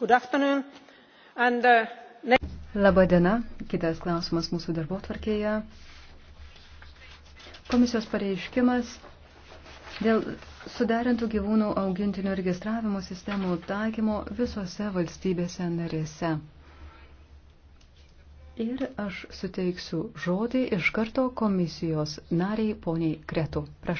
Uh, Labą dieną. Kitas klausimas mūsų darbo tvarkėje. Komisijos pareiškimas dėl sudarintų gyvūnų augintinių registravimo sistemų taikymo visose valstybėse narėse. Ir aš suteiksiu žodį iš karto komisijos nariai poniai Kretu. Prašau.